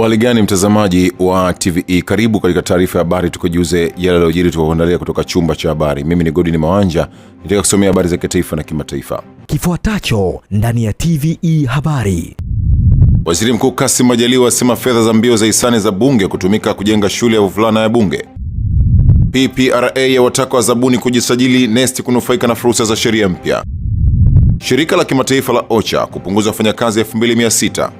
Uhali gani mtazamaji wa TVE, karibu katika taarifa ya habari, tukujuze yale yaliyojiri tukakuandalia kutoka chumba cha habari. Mimi ni ni Mawanja, nitaka kusomea habari za kitaifa na kimataifa kifuatacho ndani ya TVE habari. Waziri Mkuu Kassim Majaliwa asema fedha za mbio za hisani za bunge kutumika kujenga shule ya wavulana ya bunge. PPRA yawataka wazabuni kujisajili NeST kunufaika na fursa za sheria mpya. Shirika la kimataifa la OCHA kupunguza wafanyakazi 2600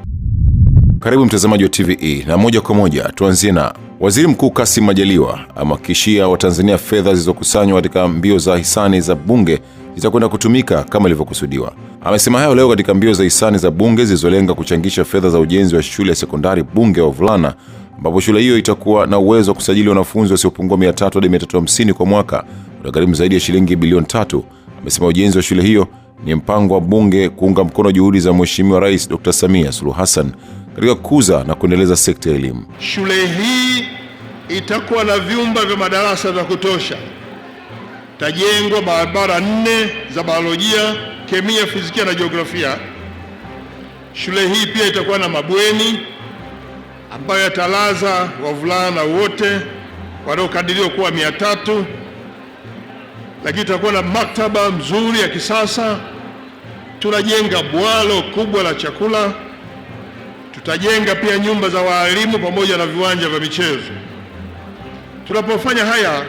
karibu mtazamaji wa TVE na moja kwa moja tuanzie na Waziri Mkuu Kassim Majaliwa amewahakikishia Watanzania fedha zilizokusanywa katika mbio za hisani za Bunge zitakwenda kutumika kama ilivyokusudiwa. Amesema hayo leo katika mbio za hisani za Bunge zilizolenga kuchangisha fedha za ujenzi wa shule ya sekondari Bunge ya wavulana ambapo shule hiyo itakuwa na uwezo wa kusajili wanafunzi wasiopungua 300 hadi 350 kwa mwaka utagharimu zaidi ya shilingi bilioni tatu. Amesema ujenzi wa shule hiyo ni mpango wa Bunge kuunga mkono juhudi za Mheshimiwa Rais Dr. Samia Suluhu Hassan katika kukuza na kuendeleza sekta ya elimu. Shule hii itakuwa na vyumba vya madarasa vya kutosha, tajengwa barabara nne za biolojia, kemia, fizikia na jiografia. Shule hii pia itakuwa na mabweni ambayo yatalaza wavulana wote wanaokadiriwa kuwa mia tatu, lakini itakuwa na maktaba mzuri ya kisasa. Tunajenga bwalo kubwa la chakula. Tutajenga pia nyumba za walimu pamoja na viwanja vya michezo. Tunapofanya haya,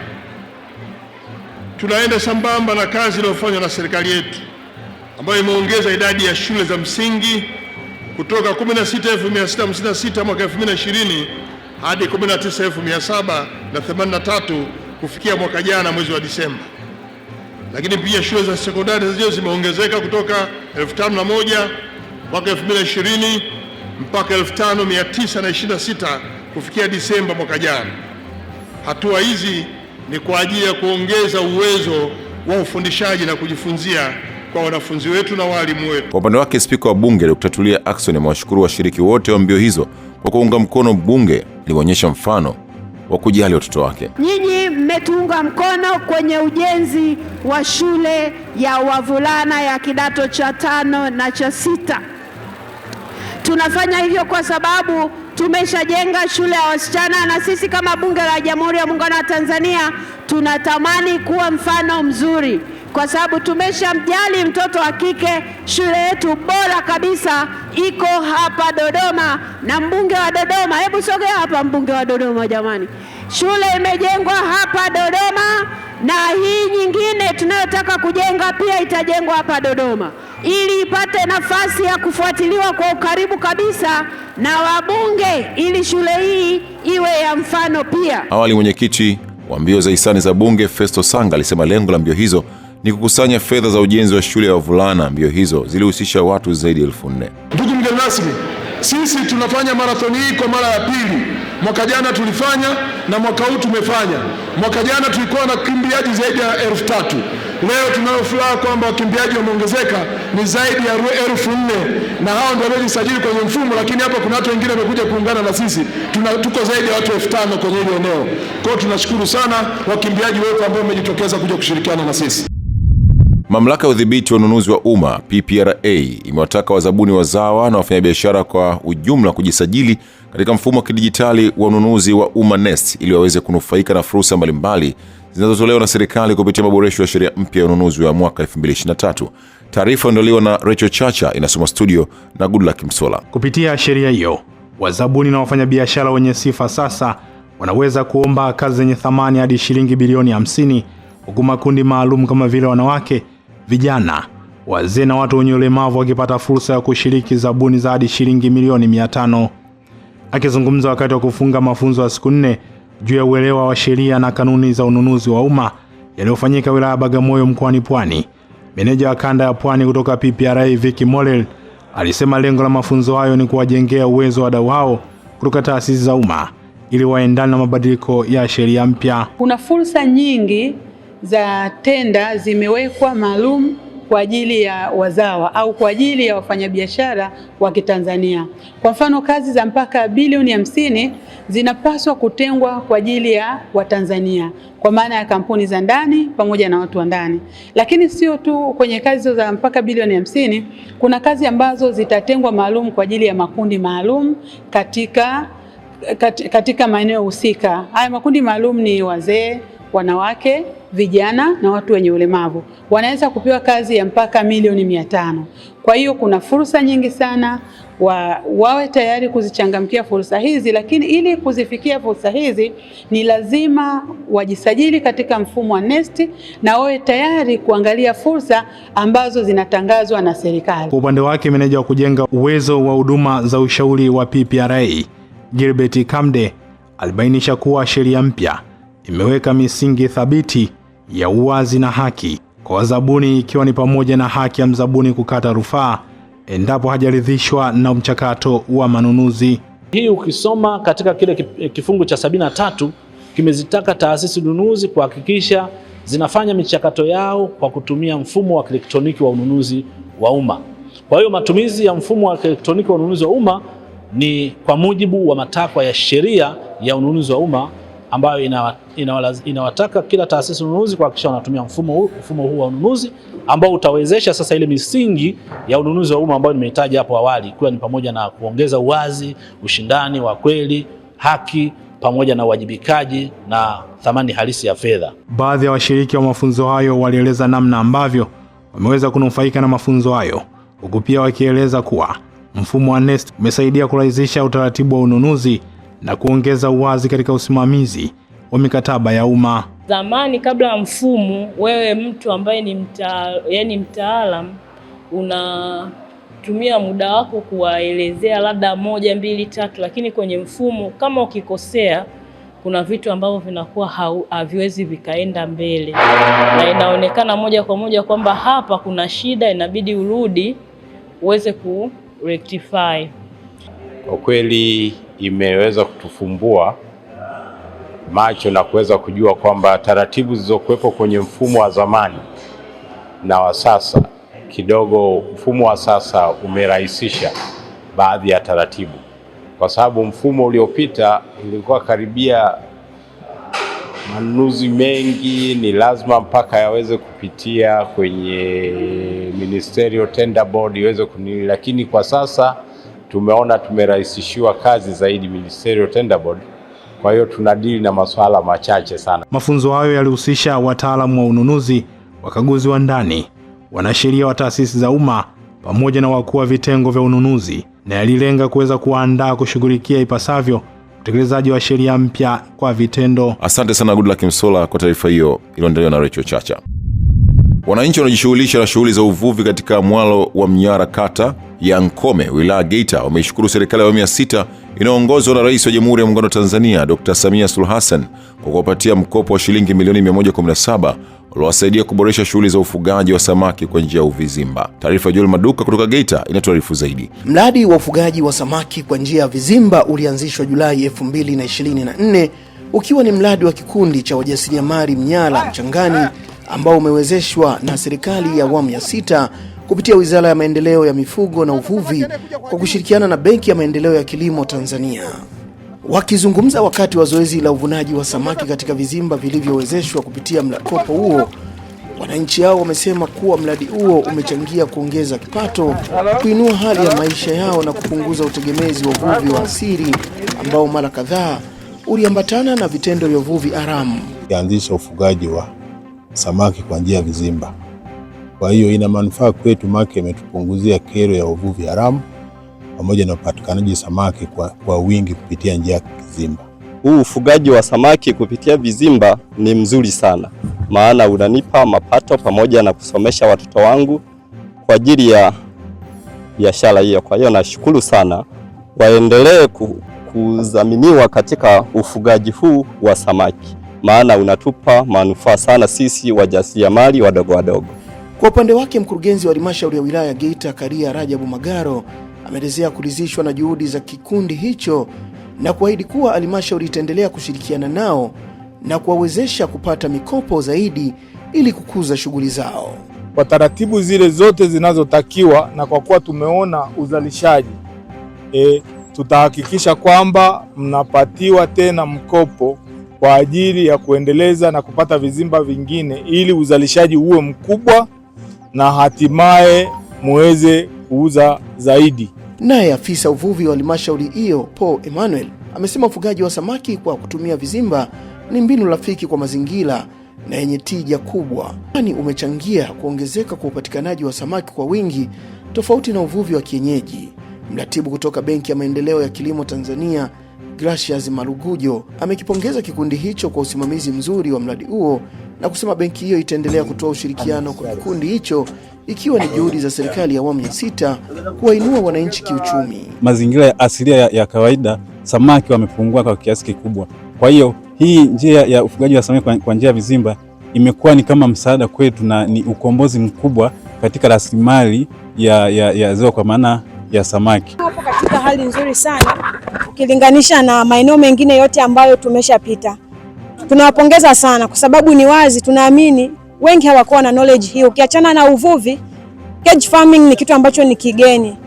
tunaenda sambamba na kazi iliyofanywa na serikali yetu ambayo imeongeza idadi ya shule za msingi kutoka 16656 mwaka 2020 hadi 19783 kufikia mwaka jana mwezi wa Disemba. Lakini pia shule za sekondari zenyewe zimeongezeka kutoka 5001 mwaka 2020 mpaka 5926 kufikia Disemba mwaka jana. Hatua hizi ni kwa ajili ya kuongeza uwezo wa ufundishaji na kujifunzia kwa wanafunzi wetu na walimu wetu. Kwa upande wake, spika wa bunge Dr. Tulia Ackson amewashukuru washiriki wote wa mbio hizo kwa kuunga mkono bunge liwaonyesha mfano wa kujali watoto wake. Nyinyi mmetuunga mkono kwenye ujenzi wa shule ya wavulana ya kidato cha tano na cha sita. Tunafanya hivyo kwa sababu tumeshajenga shule ya wasichana, na sisi kama Bunge la Jamhuri ya Muungano wa Tanzania tunatamani kuwa mfano mzuri, kwa sababu tumeshamjali mtoto wa kike. Shule yetu bora kabisa iko hapa Dodoma, na mbunge wa Dodoma, hebu sogea hapa, mbunge wa Dodoma jamani. Shule imejengwa hapa Dodoma na hii nyingine tunayotaka kujenga pia itajengwa hapa Dodoma ili ipate nafasi ya kufuatiliwa kwa ukaribu kabisa na wabunge ili shule hii iwe ya mfano pia. Awali mwenyekiti wa mbio za hisani za Bunge Festo Sanga alisema lengo la mbio hizo ni kukusanya fedha za ujenzi wa shule ya wavulana. Mbio hizo zilihusisha watu zaidi ya elfu nne. Ndugu mgeni rasmi sisi tunafanya marathoni hii kwa mara ya pili. Mwaka jana tulifanya na mwaka huu tumefanya. Mwaka jana tulikuwa na kimbiaji zaidi ya elfu tatu. Leo tunayo furaha kwamba wakimbiaji wameongezeka, ni zaidi ya elfu nne na hao ndio waliojisajili kwenye mfumo, lakini hapa kuna watu wengine wamekuja kuungana na sisi. Tuna, tuko zaidi ya watu elfu tano kwenye hili eneo. Kwa hiyo tunashukuru sana wakimbiaji wetu ambao wamejitokeza kuja kushirikiana na sisi. Mamlaka ya udhibiti wa ununuzi wa umma PPRA imewataka wazabuni wazawa na wafanyabiashara kwa ujumla kujisajili katika mfumo wa kidijitali wa ununuzi wa umma NeST ili waweze kunufaika na fursa mbalimbali zinazotolewa na serikali kupitia maboresho ya sheria mpya ya ununuzi wa mwaka 2023. Taarifa iliyoandaliwa na Rachel Chacha inasoma studio na Goodluck Msola. Kupitia sheria hiyo, wazabuni na wafanyabiashara wenye sifa sasa wanaweza kuomba kazi zenye thamani hadi shilingi bilioni 50 huku makundi maalum kama vile wanawake vijana, wazee na watu wenye ulemavu wakipata fursa ya kushiriki zabuni za hadi shilingi milioni mia tano. Akizungumza wakati wa kufunga mafunzo ya siku nne juu ya uelewa wa sheria na kanuni za ununuzi wa umma yaliyofanyika wilaya ya Bagamoyo mkoani Pwani, meneja wa kanda ya Pwani kutoka PPRA Vicky Morel alisema lengo la mafunzo hayo ni kuwajengea uwezo wadau hao kutoka taasisi za umma ili waendane na mabadiliko ya sheria mpya. Kuna fursa nyingi za tenda zimewekwa maalum kwa ajili ya wazawa au kwa ajili ya wafanyabiashara wa Kitanzania. Kwa mfano, kazi za mpaka bilioni hamsini zinapaswa kutengwa kwa ajili ya Watanzania kwa maana ya kampuni za ndani pamoja na watu wa ndani. Lakini sio tu kwenye kazi za mpaka bilioni hamsini, kuna kazi ambazo zitatengwa maalum kwa ajili ya makundi maalum katika, katika maeneo husika. Haya makundi maalum ni wazee wanawake, vijana na watu wenye ulemavu wanaweza kupewa kazi ya mpaka milioni mia tano. Kwa hiyo kuna fursa nyingi sana wa, wawe tayari kuzichangamkia fursa hizi, lakini ili kuzifikia fursa hizi ni lazima wajisajili katika mfumo wa NeST na wawe tayari kuangalia fursa ambazo zinatangazwa na serikali. Kwa upande wake, meneja wa kujenga uwezo wa huduma za ushauri wa PPRA Gilbert Kamde alibainisha kuwa sheria mpya imeweka misingi thabiti ya uwazi na haki kwa wazabuni, ikiwa ni pamoja na haki ya mzabuni kukata rufaa endapo hajaridhishwa na mchakato wa manunuzi. Hii ukisoma katika kile eh, kifungu cha sabini na tatu kimezitaka taasisi nunuzi kuhakikisha zinafanya michakato yao kwa kutumia mfumo wa kielektroniki wa ununuzi wa umma. Kwa hiyo matumizi ya mfumo wa kielektroniki wa ununuzi wa umma ni kwa mujibu wa matakwa ya sheria ya ununuzi wa umma ambayo inawataka ina, ina kila taasisi ununuzi kuhakikisha wanatumia mfumo huu, mfumo huu wa ununuzi ambao utawezesha sasa ile misingi ya ununuzi wa umma ambayo nimehitaji hapo awali, ikiwa ni pamoja na kuongeza uwazi, ushindani wa kweli, haki pamoja na uwajibikaji na thamani halisi ya fedha. Baadhi ya washiriki wa mafunzo hayo walieleza namna ambavyo wameweza kunufaika na mafunzo hayo, huku pia wakieleza kuwa mfumo wa NeST umesaidia kurahisisha utaratibu wa ununuzi na kuongeza uwazi katika usimamizi wa mikataba ya umma. Zamani kabla ya mfumo, wewe mtu ambaye ni mta, yani mtaalam unatumia muda wako kuwaelezea labda moja mbili tatu, lakini kwenye mfumo kama ukikosea kuna vitu ambavyo vinakuwa haviwezi vikaenda mbele na inaonekana moja kwa moja kwamba hapa kuna shida, inabidi urudi uweze rectify. Kwa kweli imeweza kutufumbua macho na kuweza kujua kwamba taratibu zilizokuwepo kwenye mfumo wa zamani na wa sasa kidogo, mfumo wa sasa umerahisisha baadhi ya taratibu, kwa sababu mfumo uliopita ilikuwa karibia manunuzi mengi ni lazima mpaka yaweze kupitia kwenye ministerial tender board iweze kunini, lakini kwa sasa tumeona tumerahisishiwa kazi zaidi Ministerial Tender Board. Kwa hiyo tunadili na masuala machache sana. Mafunzo hayo yalihusisha wataalamu wa ununuzi, wakaguzi wa ndani, wanasheria wa taasisi za umma pamoja na wakuu wa vitengo vya ununuzi na yalilenga kuweza kuandaa kushughulikia ipasavyo utekelezaji wa sheria mpya kwa vitendo. Asante sana Goodluck msola kwa taarifa hiyo iliyoandaliwa na Rachel Chacha. Wananchi wanajishughulisha na shughuli za uvuvi katika mwalo wa Mnyara kata ya Nkome wilaya Geita wameishukuru serikali ya awamu ya sita inayoongozwa na Rais wa Jamhuri ya Muungano wa Tanzania Dr. Samia sulu Hassan kwa kuwapatia mkopo wa shilingi milioni 117 uliowasaidia kuboresha shughuli za ufugaji wa samaki kwa njia ya uvizimba. Taarifa ya juel Maduka kutoka Geita inatuarifu zaidi. Mradi wa ufugaji wa samaki kwa njia ya vizimba ulianzishwa Julai 2024 ukiwa ni mradi wa kikundi cha wajasiriamali Mnyara Mchangani ambao umewezeshwa na serikali ya awamu ya sita kupitia Wizara ya Maendeleo ya Mifugo na Uvuvi kwa kushirikiana na Benki ya Maendeleo ya Kilimo Tanzania. Wakizungumza wakati wa zoezi la uvunaji wa samaki katika vizimba vilivyowezeshwa kupitia mkopo huo, wananchi hao wamesema kuwa mradi huo umechangia kuongeza kipato, kuinua hali ya maisha yao na kupunguza utegemezi wa uvuvi wa asili ambao mara kadhaa uliambatana na vitendo vya uvuvi haramu. Kianzisha ufugaji wa samaki kwa njia ya vizimba kwa hiyo ina manufaa kwetu, make imetupunguzia kero ya uvuvi haramu pamoja na upatikanaji samaki kwa, kwa wingi kupitia njia ya kizimba. Huu ufugaji wa samaki kupitia vizimba ni mzuri sana, maana unanipa mapato pamoja na kusomesha watoto wangu kwa ajili ya biashara hiyo. Kwa hiyo nashukuru sana, waendelee kudhaminiwa katika ufugaji huu wa samaki, maana unatupa manufaa sana sisi wajasiriamali wadogo wadogo. Kwa upande wake mkurugenzi wa halmashauri ya wilaya ya Geita Karia Rajabu Magaro ameelezea kuridhishwa na juhudi za kikundi hicho na kuahidi kuwa halmashauri itaendelea kushirikiana nao na kuwawezesha kupata mikopo zaidi ili kukuza shughuli zao kwa taratibu zile zote zinazotakiwa, na kwa kuwa tumeona uzalishaji e, tutahakikisha kwamba mnapatiwa tena mkopo kwa ajili ya kuendeleza na kupata vizimba vingine ili uzalishaji uwe mkubwa na hatimaye muweze kuuza zaidi. Naye afisa uvuvi wa halmashauri hiyo Paul Emmanuel amesema ufugaji wa samaki kwa kutumia vizimba ni mbinu rafiki kwa mazingira na yenye tija kubwa, kwani umechangia kuongezeka kwa upatikanaji wa samaki kwa wingi tofauti na uvuvi wa kienyeji. Mratibu kutoka Benki ya Maendeleo ya Kilimo Tanzania Gracias Marugujo amekipongeza kikundi hicho kwa usimamizi mzuri wa mradi huo na kusema benki hiyo itaendelea kutoa ushirikiano kwa kikundi hicho ikiwa ni juhudi za serikali ya awamu ya sita kuwainua wananchi kiuchumi. Mazingira ya asilia ya, ya kawaida samaki wamepungua kwa kiasi kikubwa. Kwa hiyo hii njia ya ufugaji wa samaki kwa njia ya vizimba imekuwa ni kama msaada kwetu na ni ukombozi mkubwa katika rasilimali ya, ya, ya ziwa kwa maana ya samaki. Hapo katika hali nzuri sana ukilinganisha na maeneo mengine yote ambayo tumeshapita tunawapongeza sana kwa sababu ni wazi, tunaamini wengi hawakuwa na knowledge hiyo. Ukiachana na uvuvi, cage farming ni kitu ambacho ni kigeni,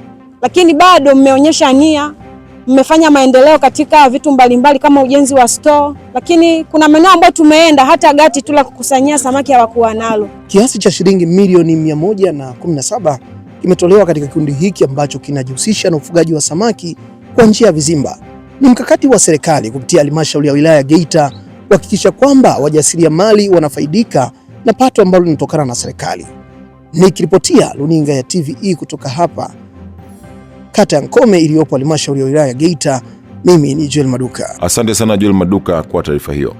lakini bado mmeonyesha nia, mmefanya maendeleo katika vitu mbalimbali mbali kama ujenzi wa store, lakini kuna maeneo ambayo tumeenda hata gati tu la kukusanyia samaki hawakuwa nalo. Kiasi cha shilingi milioni 117 kimetolewa katika kikundi hiki ambacho kinajihusisha na ufugaji wa samaki kwa njia ya vizimba. Ni mkakati wa serikali kupitia halmashauri ya wilaya ya Geita kuhakikisha kwamba wajasiriamali wanafaidika na pato ambalo linatokana na serikali. Nikiripotia runinga ya TVE kutoka hapa kata ya Nkome iliyopo halmashauri ya wilaya ya Geita, mimi ni Joel Maduka. Asante sana Joel Maduka kwa taarifa hiyo.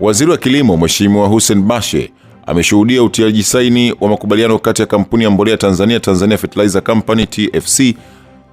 Waziri wa Kilimo Mheshimiwa Hussein Bashe ameshuhudia utiaji saini wa makubaliano kati ya kampuni ya mbolea Tanzania, Tanzania Fertilizer Company TFC,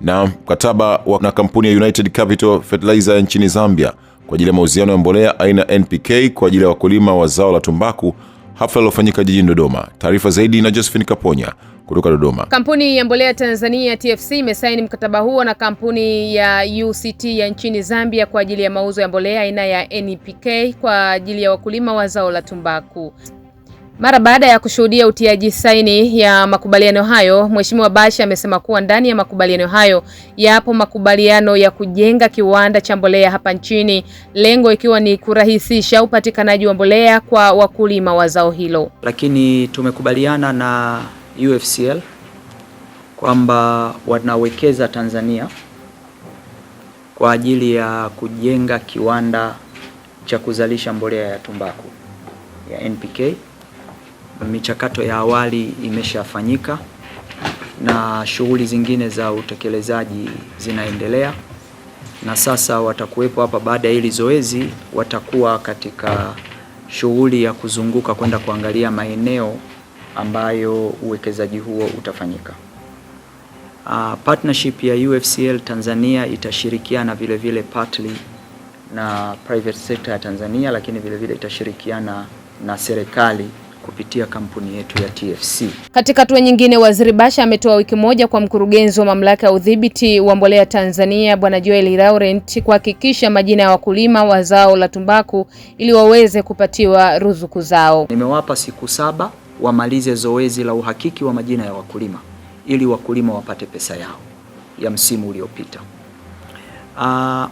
na mkataba na kampuni ya United Capital Fertilizer nchini Zambia kwa ajili ya mauziano ya mbolea aina NPK kwa ajili ya wakulima wa zao la tumbaku, hafla iliyofanyika jijini Dodoma. Taarifa zaidi na Josephine Kaponya kutoka Dodoma. Kampuni ya mbolea Tanzania TFC imesaini mkataba huo na kampuni ya UCT ya nchini Zambia kwa ajili ya mauzo ya mbolea aina ya NPK kwa ajili ya wakulima wa zao la tumbaku. Mara baada ya kushuhudia utiaji saini ya makubaliano hayo, Mheshimiwa Bashe amesema kuwa ndani ya makubaliano hayo yapo makubaliano ya kujenga kiwanda cha mbolea hapa nchini, lengo ikiwa ni kurahisisha upatikanaji wa mbolea kwa wakulima wa zao hilo. Lakini tumekubaliana na UFCL kwamba wanawekeza Tanzania kwa ajili ya kujenga kiwanda cha kuzalisha mbolea ya tumbaku ya NPK michakato ya awali imeshafanyika na shughuli zingine za utekelezaji zinaendelea, na sasa watakuwepo hapa baada ya hili zoezi, watakuwa katika shughuli ya kuzunguka kwenda kuangalia maeneo ambayo uwekezaji huo utafanyika. Uh, partnership ya UFCL Tanzania itashirikiana vile vile partly na private sector ya Tanzania, lakini vile vile itashirikiana na serikali kupitia kampuni yetu ya TFC. Katika hatua nyingine, Waziri Basha ametoa wiki moja kwa mkurugenzi wa mamlaka ya udhibiti wa mbolea Tanzania Bwana Joel Laurent kuhakikisha majina ya wakulima wa zao la tumbaku ili waweze kupatiwa ruzuku zao. Nimewapa siku saba wamalize zoezi la uhakiki wa majina ya wakulima ili wakulima wapate pesa yao ya msimu uliopita. Uh,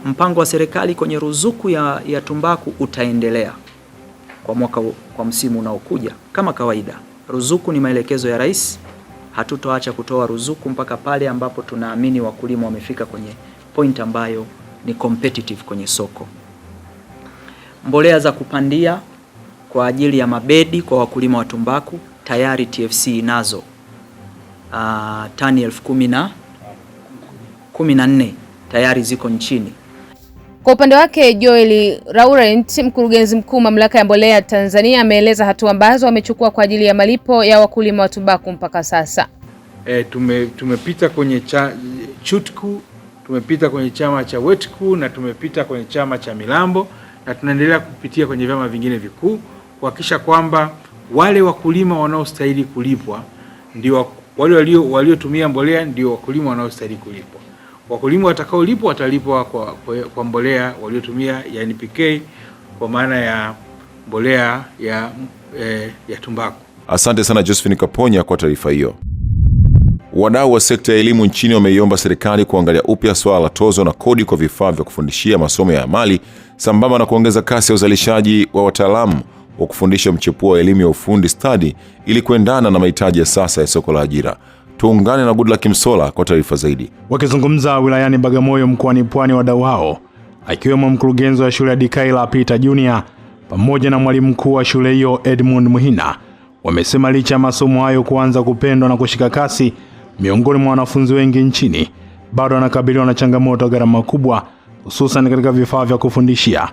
mpango wa serikali kwenye ruzuku ya, ya tumbaku utaendelea kwa mwaka kwa msimu unaokuja. Kama kawaida, ruzuku ni maelekezo ya Rais. Hatutoacha kutoa ruzuku mpaka pale ambapo tunaamini wakulima wamefika kwenye point ambayo ni competitive kwenye soko. Mbolea za kupandia kwa ajili ya mabedi kwa wakulima wa tumbaku tayari TFC inazo uh, tani elfu kumi na kumi na nne tayari ziko nchini. Kwa upande wake Joel Laurent, mkurugenzi mkuu mamlaka ya mbolea Tanzania, ameeleza hatua ambazo wamechukua kwa ajili ya malipo ya wakulima wa tumbaku mpaka sasa. E, tume, tumepita kwenye cha, chutku tumepita kwenye chama cha wetku na tumepita kwenye chama cha milambo na tunaendelea kupitia kwenye vyama vingine vikuu kuhakikisha kwamba wale wakulima wanaostahili kulipwa ndio wale waliotumia mbolea ndio wakulima wanaostahili kulipwa wakulima watakaolipwa watalipwa kwa, kwa, kwa mbolea waliotumia ya NPK kwa maana ya mbolea ya, e, ya tumbaku. Asante sana Josephine Kaponya kwa taarifa hiyo. Wadau wa sekta ya elimu nchini wameiomba serikali kuangalia upya swala la tozo na kodi kwa vifaa vya kufundishia masomo ya amali sambamba na kuongeza kasi ya uzalishaji wa wataalamu wa kufundisha mchepuo wa elimu ya ufundi stadi ili kuendana na mahitaji ya sasa ya soko la ajira. Tuungane na Goodluck Msola kwa taarifa zaidi. Wakizungumza wilayani Bagamoyo mkoani Pwani, wadau hao akiwemo mkurugenzi wa shule ya Dikaila Peter Junior pamoja na mwalimu mkuu wa shule hiyo Edmund Muhina wamesema licha ya masomo hayo kuanza kupendwa na kushika kasi miongoni mwa wanafunzi wengi nchini, bado wanakabiliwa na changamoto ya gharama kubwa, hususan katika vifaa vya kufundishia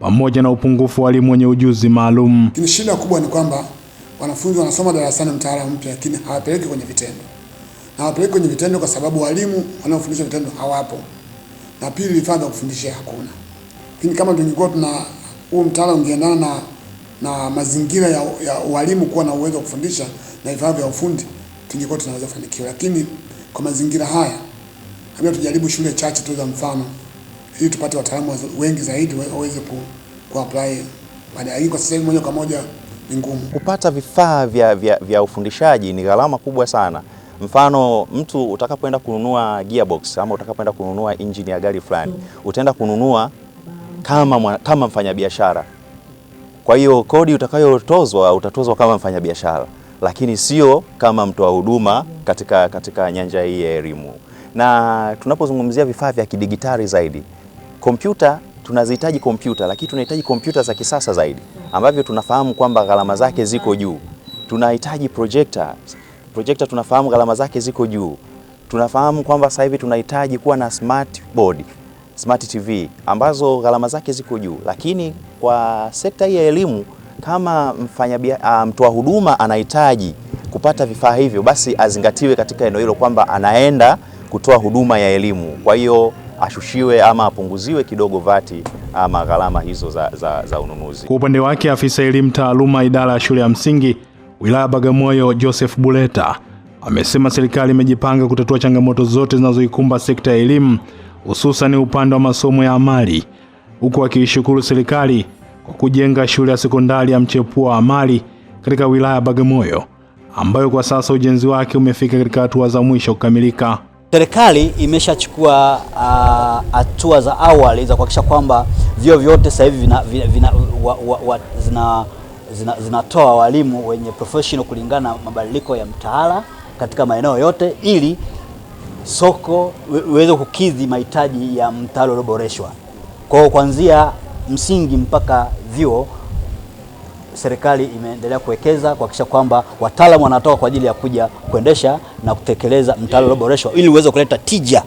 pamoja na upungufu wa walimu wenye ujuzi maalum. Lakini shida kubwa ni kwamba wanafunzi wanasoma darasani mtaala mpya, lakini hawapeleki kwenye vitendo na wapeleke kwenye vitendo kwa sababu walimu wanaofundisha vitendo hawapo, na pili vifaa vya kufundishia hakuna. Lakini kama tungekuwa tuna huu mtaala ungeendana na na mazingira ya, ya walimu kuwa na uwezo wa kufundisha na vifaa vya ufundi, tungekuwa tunaweza kufanikiwa. Lakini kwa mazingira haya labda tujaribu shule chache tu za mfano, ili tupate wataalamu wengi zaidi waweze ku, ku apply baadaye, kwa sasa hivi moja kwa moja ni ngumu kupata vifaa vya, vya, vya ufundishaji. Ni gharama kubwa sana. Mfano, mtu utakapoenda kununua gearbox ama utakapoenda kununua injini ya gari fulani, utaenda kununua kama, kama mfanyabiashara. Kwa hiyo kodi utakayotozwa utatozwa kama mfanyabiashara, lakini sio kama mtoa huduma katika, katika nyanja hii ya elimu. Na tunapozungumzia vifaa vya kidigitali zaidi, kompyuta tunazihitaji kompyuta, lakini tunahitaji kompyuta za kisasa zaidi ambavyo tunafahamu kwamba gharama zake ziko juu. Tunahitaji projectors projector tunafahamu gharama zake ziko juu, tunafahamu kwamba sasa hivi tunahitaji kuwa na smart board, smart TV ambazo gharama zake ziko juu, lakini kwa sekta hii ya elimu kama mfanyabiashara ah, mtoa um, huduma anahitaji kupata vifaa hivyo, basi azingatiwe katika eneo hilo kwamba anaenda kutoa huduma ya elimu, kwa hiyo ashushiwe ama apunguziwe kidogo vati ama gharama hizo za, za, za ununuzi. Kwa upande wake afisa elimu taaluma idara ya shule ya msingi wilaya Bagamoyo Joseph Buleta amesema serikali imejipanga kutatua changamoto zote zinazoikumba sekta ya elimu hususani upande wa masomo ya amali, huku akiishukuru serikali kwa kujenga shule ya sekondari ya mchepuo wa amali katika wilaya ya Bagamoyo ambayo kwa sasa ujenzi wake umefika katika hatua za mwisho kukamilika. Serikali imeshachukua ah, hatua uh, za awali za kuhakikisha kwamba vyuo vyote sasa hivi vina, vina, vina, wa, wa, wa, zina zina, zinatoa walimu wenye professional kulingana na mabadiliko ya mtaala katika maeneo yote ili soko uweze kukidhi mahitaji ya mtaala ulioboreshwa. Kwa hiyo kuanzia msingi mpaka vyuo, serikali imeendelea kuwekeza kuhakikisha kwamba wataalamu wanatoka kwa ajili ya kuja kuendesha na kutekeleza mtaala ulioboreshwa ili uweze kuleta tija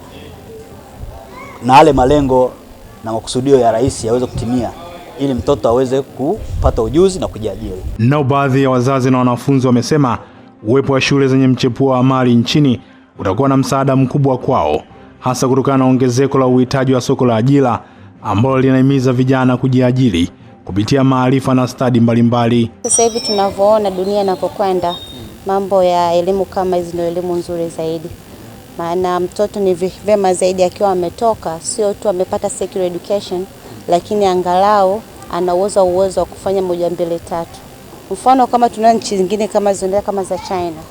na yale malengo na makusudio ya rais yaweze kutimia ili mtoto aweze kupata ujuzi na kujiajiri. Nao baadhi ya wazazi na wanafunzi wamesema uwepo wa shule zenye mchepuo wa amali nchini utakuwa na msaada mkubwa kwao, hasa kutokana na ongezeko la uhitaji wa soko la ajira ambalo linahimiza vijana kujiajiri kupitia maarifa na stadi mbalimbali. Sasa hivi tunavyoona dunia inapokwenda, mambo ya elimu kama hizi ndio elimu nzuri zaidi, maana mtoto ni vyema zaidi akiwa ametoka, sio tu amepata secular education lakini angalau ana uwezo uwezo wa kufanya moja mbele tatu. Mfano kama tuna nchi zingine kama zinaendelea kama za China,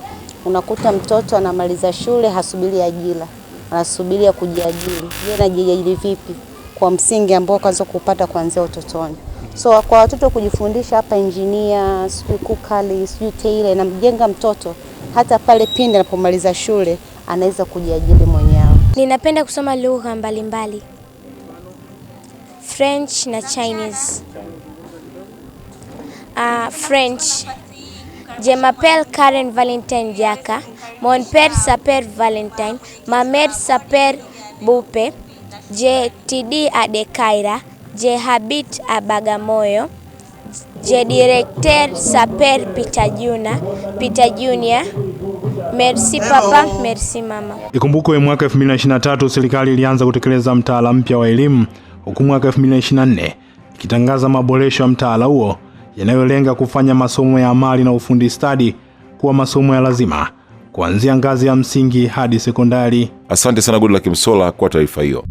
unakuta mtoto anamaliza shule hasubiri ajira, anasubiria kujiajiri. Je, anajiajiri vipi? Kwa msingi ambao kaanza kupata kuanzia utotoni. So kwa watoto kujifundisha hapa injinia, sijui kukali, sijui teile, namjenga mtoto hata pale pindi anapomaliza shule anaweza kujiajiri mwenyewe. Ninapenda kusoma lugha mbalimbali. French na Chinese. Uh, French Jemapel Karen Valentine Jaka Monper Saper Valentine Mamed Saper Bupe JTD Adekaira Jehabit Abagamoyo Jedirecteur Saper Peter Juna Peter Junior Merci papa, merci mama. Ikumbukwe mwaka 2023 serikali ilianza kutekeleza mtaala mpya wa elimu huku mwaka 2024 ikitangaza maboresho ya mtaala huo yanayolenga kufanya masomo ya amali na ufundi stadi kuwa masomo ya lazima kuanzia ngazi ya msingi hadi sekondari. Asante sana la Kimsola kwa taarifa hiyo.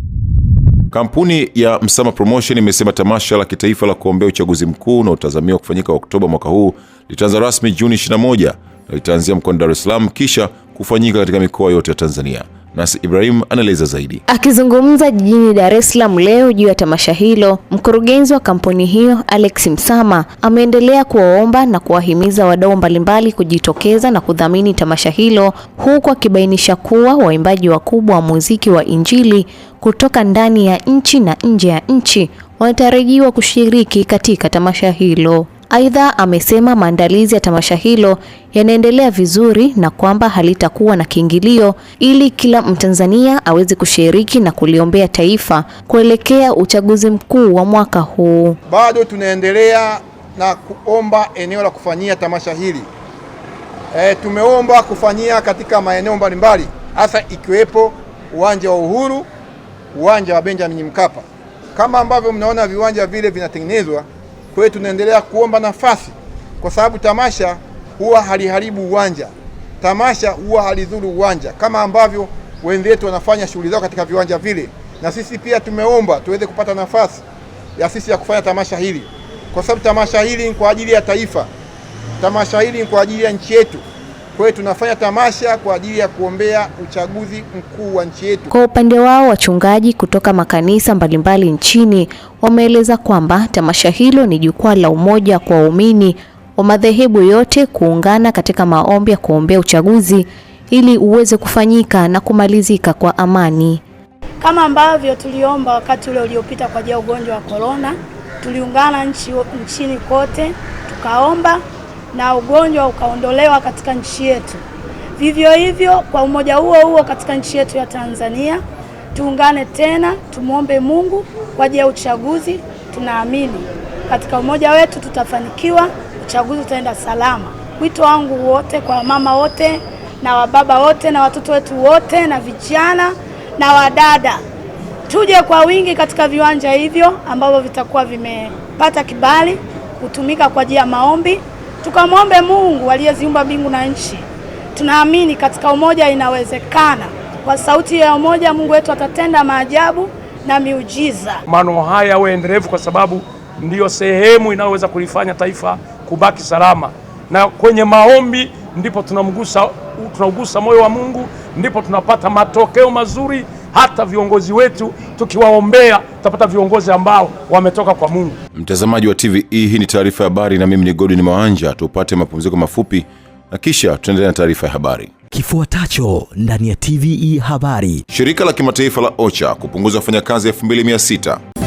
Kampuni ya Msama Promotion imesema tamasha la kitaifa la kuombea uchaguzi mkuu unaotazamiwa kufanyika Oktoba mwaka huu litaanza rasmi Juni 21 na litaanzia mkoani Dar es Salaam kisha kufanyika katika mikoa yote ya Tanzania. Nasi Ibrahim anaeleza zaidi. Akizungumza jijini Dar es Salaam leo juu ya tamasha hilo, mkurugenzi wa kampuni hiyo Alex Msama ameendelea kuwaomba na kuwahimiza wadau mbalimbali kujitokeza na kudhamini tamasha hilo, huku akibainisha kuwa waimbaji wakubwa wa muziki wa Injili kutoka ndani ya nchi na nje ya nchi wanatarajiwa kushiriki katika tamasha hilo. Aidha, amesema maandalizi ya tamasha hilo yanaendelea vizuri na kwamba halitakuwa na kiingilio ili kila Mtanzania aweze kushiriki na kuliombea taifa kuelekea uchaguzi mkuu wa mwaka huu. Bado tunaendelea na kuomba eneo la kufanyia tamasha hili. E, tumeomba kufanyia katika maeneo mbalimbali hasa ikiwepo uwanja wa Uhuru, uwanja wa Benjamin Mkapa. Kama ambavyo mnaona viwanja vile vinatengenezwa kwa hiyo tunaendelea kuomba nafasi, kwa sababu tamasha huwa haliharibu uwanja, tamasha huwa halidhuru uwanja, kama ambavyo wenzetu wanafanya shughuli zao katika viwanja vile, na sisi pia tumeomba tuweze kupata nafasi ya sisi ya kufanya tamasha hili, kwa sababu tamasha hili ni kwa ajili ya taifa, tamasha hili ni kwa ajili ya nchi yetu. Kwa hiyo tunafanya tamasha kwa ajili ya kuombea uchaguzi mkuu wa nchi yetu. Kwa upande wao, wachungaji kutoka makanisa mbalimbali nchini wameeleza kwamba tamasha hilo ni jukwaa la umoja kwa waumini wa madhehebu yote kuungana katika maombi ya kuombea uchaguzi ili uweze kufanyika na kumalizika kwa amani. Kama ambavyo tuliomba wakati ule uliopita kwa ajili ya ugonjwa wa korona, tuliungana nchi, nchini kote tukaomba na ugonjwa ukaondolewa katika nchi yetu. Vivyo hivyo, kwa umoja huo huo katika nchi yetu ya Tanzania, tuungane tena, tumwombe Mungu kwa ajili ya uchaguzi. Tunaamini katika umoja wetu tutafanikiwa, uchaguzi utaenda salama. Wito wangu wote kwa wamama wote na wababa wote na watoto wetu wote na vijana na wadada, tuje kwa wingi katika viwanja hivyo ambavyo vitakuwa vimepata kibali kutumika kwa ajili ya maombi tukamwombe Mungu aliyeziumba mbingu na nchi. Tunaamini katika umoja inawezekana. Kwa sauti ya umoja, Mungu wetu atatenda maajabu na miujiza. Mano haya yawe endelevu, kwa sababu ndiyo sehemu inayoweza kulifanya taifa kubaki salama, na kwenye maombi ndipo tunamgusa, tunaugusa moyo wa Mungu, ndipo tunapata matokeo mazuri. Hata viongozi wetu tukiwaombea tutapata viongozi ambao wametoka kwa Mungu. Mtazamaji wa TVE, hii ni taarifa ya habari na mimi ni Godwin Mawanja. Tupate mapumziko mafupi na kisha tuendelee na taarifa ya habari. Kifuatacho ndani ya TVE habari. Shirika la kimataifa la OCHA kupunguza wafanyakazi 2600.